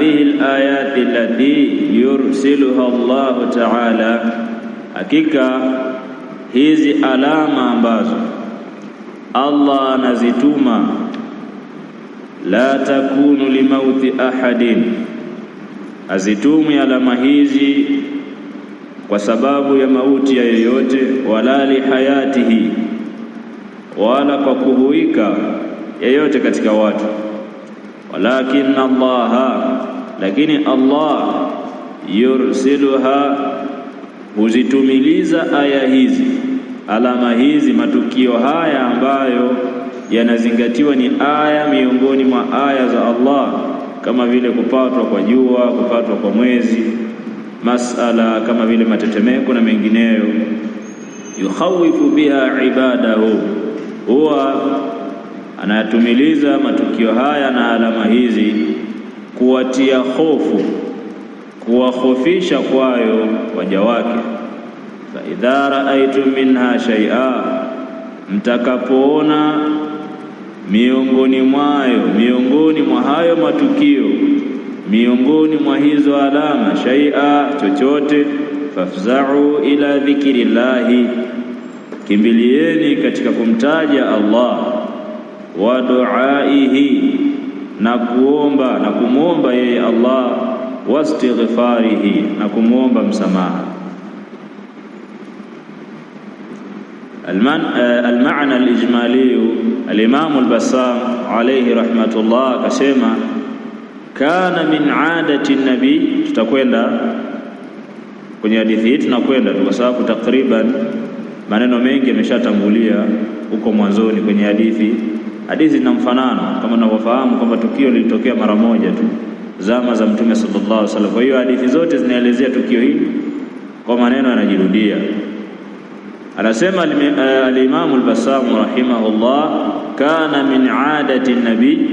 hadhihi alayati allati yursiluha Allahu ta'ala, hakika hizi alama ambazo Allah anazituma, la takunu limauti ahadin, azitumwi alama hizi kwa sababu ya mauti ya yeyote, wala lihayatihi, wala kwa kuhuika yeyote katika watu, walakin Allaha lakini Allah yursiluha huzitumiliza aya hizi alama hizi matukio haya ambayo yanazingatiwa ni aya miongoni mwa aya za Allah kama vile kupatwa kwa jua, kupatwa kwa mwezi, masala kama vile matetemeko na mengineyo. Yukhawifu biha ibadahu, huwa anayatumiliza matukio haya na alama hizi kuwatia hofu, kuwahofisha kwayo waja wake. Fa idha raaitum minha shay'a, mtakapoona miongoni mwayo, miongoni mwa hayo matukio, miongoni mwa hizo alama, shay'a, chochote, fafza'u ila dhikrillahi, kimbilieni katika kumtaja Allah wa duaihi na kuomba na kumwomba yeye Allah wastighfarihi, na kumwomba msamaha. Eh, almana alijmaliyu alimamu Albassam alayhi rahmatullah akasema, kana min adati nabi, Tutakwenda kwenye hadithi hii, tunakwenda kwa sababu takriban maneno mengi yameshatangulia huko mwanzoni kwenye hadithi Hadithi zina mfanano kama tunavyofahamu kwamba tukio lilitokea mara moja tu zama za Mtume sallallahu alaihi wasallam. Kwa hiyo hadithi zote zinaelezea tukio hili kwa maneno yanajirudia. Anasema eh, al-Imam al-Bassam rahimahullah, kana min adati nabii,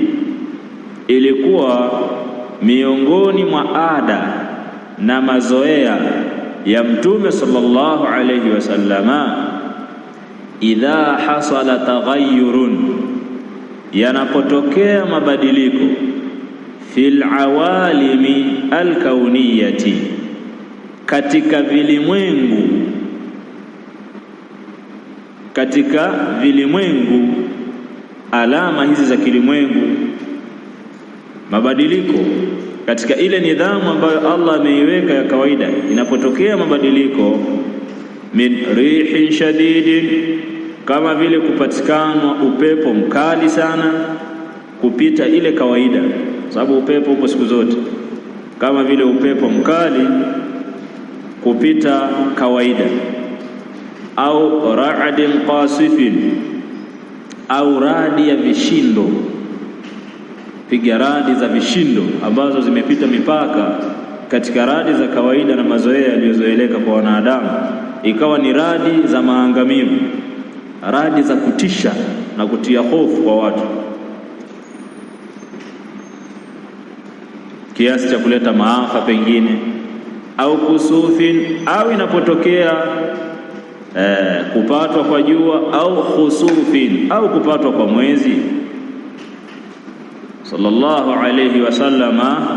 ilikuwa miongoni mwa ada na mazoea ya Mtume sallallahu alaihi wasallama, idha hasala taghayyurun yanapotokea mabadiliko fil awalimi alkauniyati, katika vilimwengu katika vilimwengu, alama hizi za kilimwengu, mabadiliko katika ile nidhamu ambayo Allah ameiweka ya kawaida, inapotokea mabadiliko min rihin shadidin kama vile kupatikana upepo mkali sana kupita ile kawaida, sababu upepo upo siku zote, kama vile upepo mkali kupita kawaida, au raadin qasifin, au radi ya vishindo, piga radi za vishindo ambazo zimepita mipaka katika radi za kawaida na mazoea yaliyozoeleka kwa wanadamu, ikawa ni radi za maangamivu radi za kutisha na kutia hofu kwa watu kiasi cha kuleta maafa pengine au kusufin au inapotokea eh, kupatwa kwa jua au khusufin au kupatwa kwa mwezi. Sallallahu alayhi wasallama,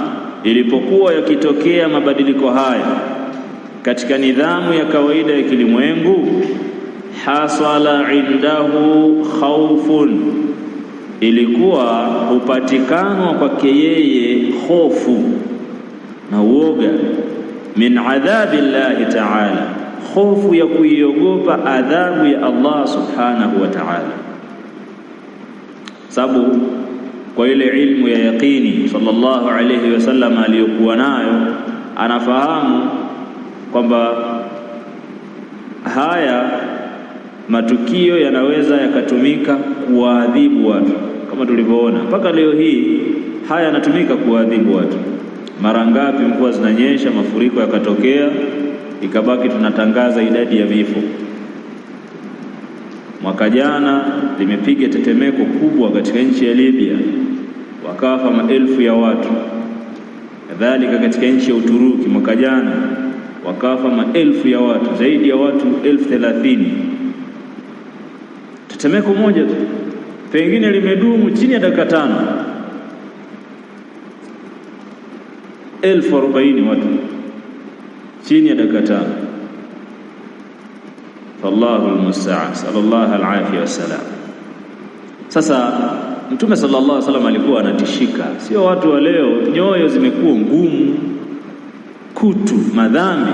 ilipokuwa yakitokea mabadiliko haya katika nidhamu ya kawaida ya kilimwengu hasala indahu khaufun, ilikuwa hupatikanwa kwake yeye hofu na uoga. Min adhabi llahi taala, hofu ya kuiogopa adhabu ya Allah subhanahu wa taala, sababu kwa ile ilmu ya yaqini sallallahu alayhi wasallam aliyokuwa nayo, anafahamu kwamba haya matukio yanaweza yakatumika kuwaadhibu watu, kama tulivyoona mpaka leo hii haya yanatumika kuwaadhibu watu. Mara ngapi mvua zinanyesha, mafuriko yakatokea, ikabaki tunatangaza idadi ya vifo. Mwaka jana limepiga tetemeko kubwa katika nchi ya Libya, wakafa maelfu ya watu. Kadhalika katika nchi ya Uturuki mwaka jana wakafa maelfu ya watu, zaidi ya watu elfu thelathini. Tetemeko moja tu pengine limedumu chini ya dakika tano. elfu arobaini watu chini ya dakika tano. Wallahu almustaan, sallallahu alafi wasalam. Sasa Mtume sallallahu alaihi wasallam alikuwa anatishika, sio watu wa leo, nyoyo zimekuwa ngumu, kutu, madhambi.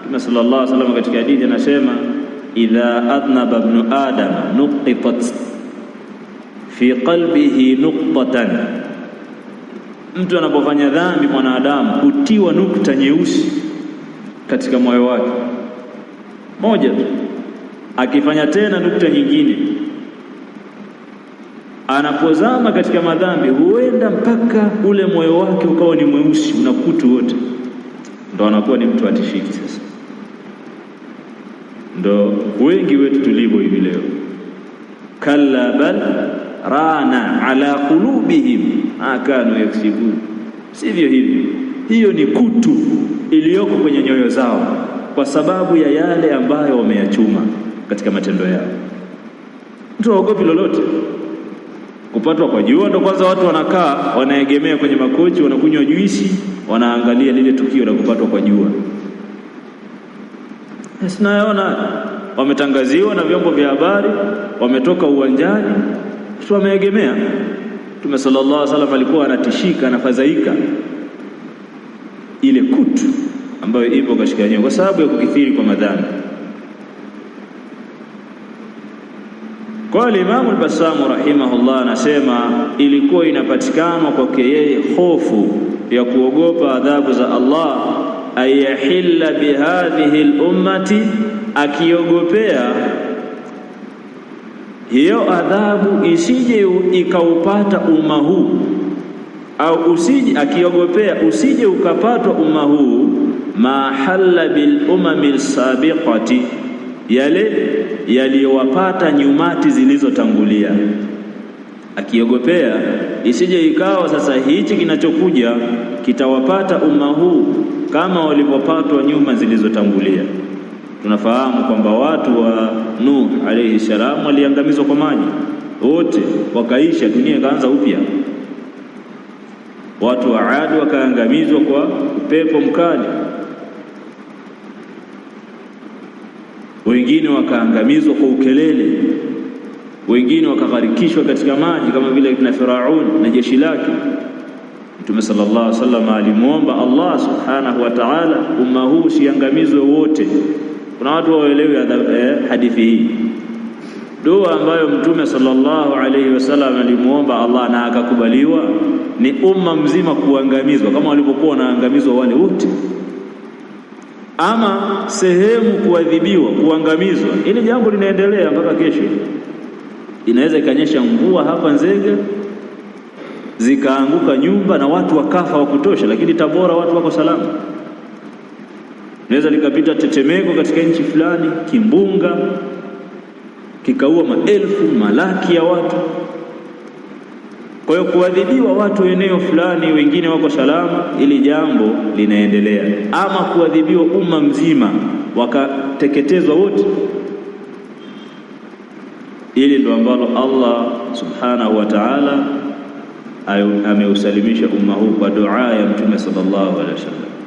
Mtume sallallahu alaihi wasallam katika hadithi anasema idha adhnaba ibn adam nuqitat fi qalbihi nuqtatan, mtu anapofanya dhambi mwanadamu hutiwa nukta nyeusi katika moyo wake moja tu, akifanya tena nukta nyingine. Anapozama katika madhambi, huenda mpaka ule moyo wake ukawa ni mweusi, unakutu wote, ndo anakuwa ni mtu atifiki sasa ndo wengi wetu tulivyo hivi leo. Kalla bal rana ala qulubihim akanu yaksibun, sivyo hivyo. Hiyo ni kutu iliyoko kwenye nyoyo zao kwa sababu ya yale ambayo wameyachuma katika matendo yao. Mtu haogopi lolote, kupatwa kwa jua. Ndo kwanza watu wanakaa wanaegemea kwenye makochi, wanakunywa juisi, wanaangalia lile tukio la kupatwa kwa jua. Sinaona wametangaziwa na vyombo vya habari, wametoka uwanjani, tumeegemea Mtume sallallahu alaihi wasallam alikuwa anatishika, anafadhaika ile kutu ambayo ipo katika nyoyo kwa sababu ya kukithiri kwa madhambi. Kwa Imamu al-Bassam rahimahullah anasema ilikuwa inapatikana kwake yeye hofu ya kuogopa adhabu za Allah ayahilla bihadhihi lummati, akiogopea hiyo adhabu isije ikaupata umma huu au usije, akiogopea usije ukapatwa umma huu ma halla bil umami lsabiqati, yale yaliyowapata nyumati zilizotangulia, akiogopea isije ikawa sasa hichi kinachokuja kitawapata umma huu kama walivyopatwa nyuma zilizotangulia. Tunafahamu kwamba watu wa Nuh alayhi salam waliangamizwa kwa maji wote, wakaisha, dunia ikaanza upya. Watu wa Adi wakaangamizwa kwa upepo mkali, wengine wakaangamizwa kwa ukelele, wengine wakagharikishwa katika maji kama vile na Firaun na jeshi lake. Mtume sallallahu alaihi wasallam alimwomba Allah subhanahu wa ta'ala, umma huu usiangamizwe wote. Kuna watu waelewi eh, hadithi hii. Dua ambayo Mtume sallallahu alaihi wasallam alimwomba Allah na akakubaliwa ni umma mzima kuangamizwa kama walivyokuwa wanaangamizwa wale wote, ama sehemu kuadhibiwa, kuangamizwa. Hili jambo linaendelea mpaka kesho, inaweza ikanyesha mvua hapa Nzega zikaanguka nyumba na watu wakafa wa kutosha, lakini Tabora watu wako salama. Naweza likapita tetemeko katika nchi fulani, kimbunga kikaua maelfu malaki ya watu. Kwa hiyo kuadhibiwa watu eneo fulani, wengine wako salama, ili jambo linaendelea, ama kuadhibiwa umma mzima wakateketezwa wote, ili ndo ambalo Allah subhanahu wa ta'ala ameusalimisha umma huu kwa dua ya Mtume sallallahu alaihi wasallam.